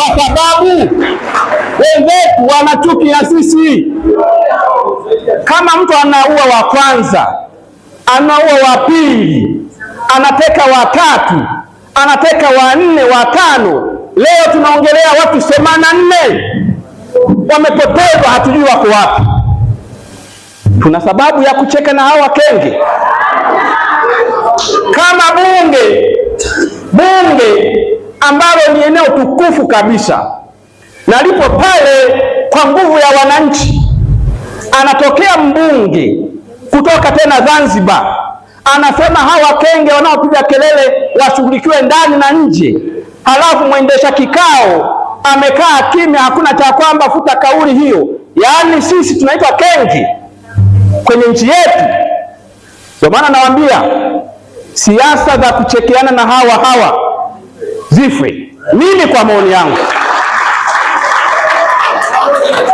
kwa sababu wenzetu wana chuki na sisi. Kama mtu anaua wa kwanza, anaua wa pili, anateka wa tatu, anateka wa nne, wa tano. Leo tunaongelea watu themanini na nne wamepotezwa, hatujui wako wapi. Tuna sababu ya kucheka na hawa kenge. Kama bunge bunge ambalo ni eneo tukufu kabisa na lipo pale kwa nguvu ya wananchi. Anatokea mbunge kutoka tena Zanzibar, anasema hawa kenge wanaopiga kelele washughulikiwe ndani na nje, halafu mwendesha kikao amekaa kimya, hakuna cha kwamba futa kauli hiyo. Yaani sisi tunaitwa kenge kwenye nchi yetu. Ndio maana nawaambia siasa za kuchekeana na hawa hawa zifwe. Mimi kwa maoni yangu,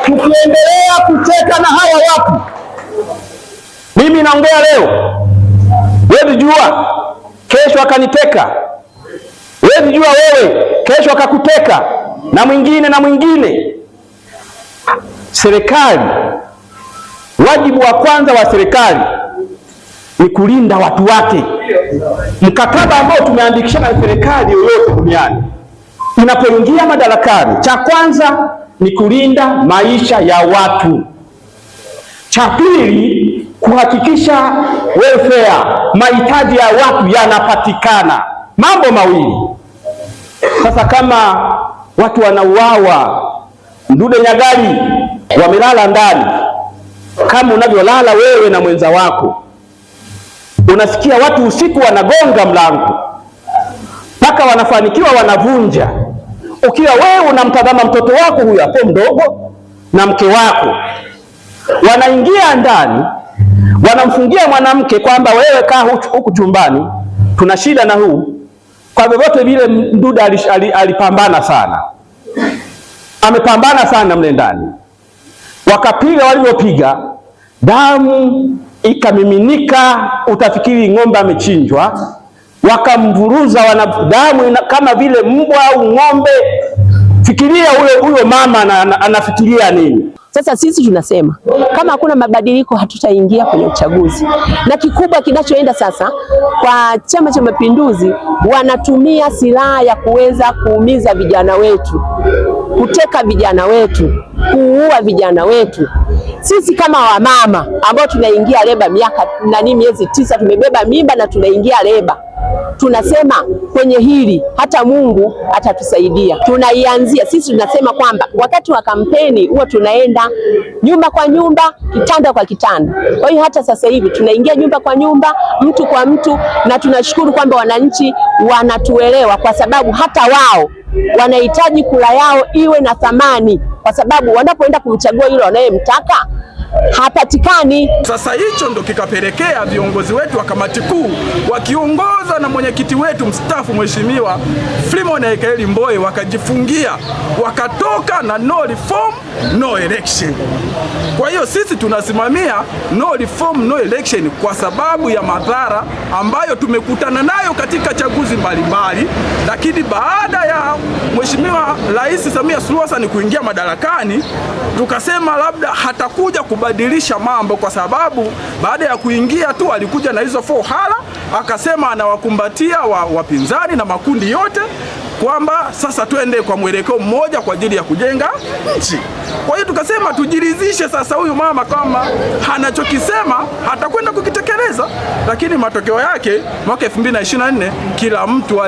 tukiendelea kucheka na hawa watu, mimi naongea leo, wewe jua kesho akaniteka, wewe jua wewe kesho akakuteka, na mwingine na mwingine. Serikali, wajibu wa kwanza wa serikali ni kulinda watu wake. Mkataba ambao tumeandikisha na serikali yoyote duniani inapoingia madarakani, cha kwanza ni kulinda maisha ya watu, cha pili kuhakikisha welfare, mahitaji ya watu yanapatikana. Mambo mawili. Sasa kama watu wanauawa, ndude Nyagali wamelala ndani, kama unavyolala wewe na mwenza wako Unasikia watu usiku wanagonga mlango mpaka wanafanikiwa wanavunja, ukiwa wewe unamtazama mtoto wako huyo hapo mdogo na mke wako, wanaingia ndani, wanamfungia mwanamke kwamba wewe kaa huku chumbani, tuna shida na huu. Kwa vyovyote vile, Mduda alipambana sana, amepambana sana mle ndani, wakapiga walivyopiga, damu ikamiminika, utafikiri ng'ombe amechinjwa, wakamvuruza wanadamu kama vile mbwa au ng'ombe. Fikiria huyo huyo mama anafikiria nini? Sasa sisi tunasema kama hakuna mabadiliko hatutaingia kwenye uchaguzi, na kikubwa kinachoenda sasa kwa Chama cha Mapinduzi, wanatumia silaha ya kuweza kuumiza vijana wetu, kuteka vijana wetu, kuua vijana wetu sisi kama wamama ambao tunaingia leba miaka nani, miezi tisa, tumebeba mimba na tunaingia leba, tunasema kwenye hili hata Mungu atatusaidia. Tunaianzia sisi, tunasema kwamba wakati wa kampeni huwa tunaenda nyumba kwa nyumba, kitanda kwa kitanda. Kwa hiyo hata sasa hivi tunaingia nyumba kwa nyumba, mtu kwa mtu, na tunashukuru kwamba wananchi wanatuelewa, kwa sababu hata wao wanahitaji kula yao iwe na thamani kwa sababu wanapoenda kumchagua yule wanayemtaka hapatikani. Sasa hicho ndo kikapelekea viongozi wetu wa kamati kuu wakiongoza na mwenyekiti wetu mstaafu Mheshimiwa Freeman Aikaeli Mbowe wakajifungia, wakatoka na no reform no election. Kwa hiyo sisi tunasimamia no reform no election kwa sababu ya madhara ambayo tumekutana nayo katika chaguzi mbalimbali, lakini baada ya Mheshimiwa Rais Samia Suluhu Hassan kuingia madarakani tukasema labda hatakuja kubadilisha mambo, kwa sababu baada ya kuingia tu alikuja na hizo four hala, akasema anawakumbatia wa, wapinzani na makundi yote kwamba sasa twende kwa mwelekeo mmoja kwa ajili ya kujenga nchi. Kwa hiyo tukasema tujiridhishe sasa huyu mama kama anachokisema atakwenda kukitekeleza, lakini matokeo yake mwaka 2024 kila mtu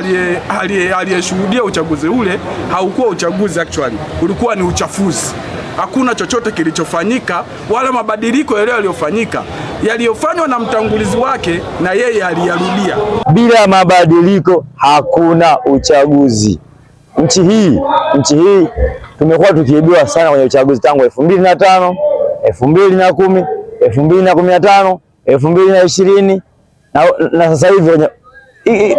aliyeshuhudia uchaguzi ule haukuwa uchaguzi, actually ulikuwa ni uchafuzi hakuna chochote kilichofanyika wala mabadiliko yale yaliyofanyika yaliyofanywa na mtangulizi wake na yeye aliyarudia. Bila mabadiliko hakuna uchaguzi. Nchi hii nchi hii tumekuwa tukiibiwa sana kwenye uchaguzi tangu elfu mbili na tano elfu mbili na kumi elfu mbili na kumi na tano elfu mbili na ishirini na, na sasa hivi kwenye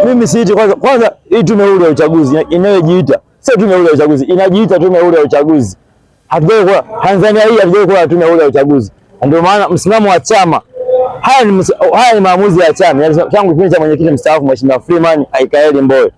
mimi siiti kwanza kwanza hii tume huru ya uchaguzi inayojiita sio tume huru ya uchaguzi, inajiita tume huru ya uchaguzi hatujawahi Tanzania hii hatujawahi kuwa na tume ya uchaguzi, ndio maana msimamo wa chama haya ni, haya ni maamuzi ya chama yaani, tangu kipindi cha mwenyekiti mstaafu Mheshimiwa Freeman Aikaeli Mbowe.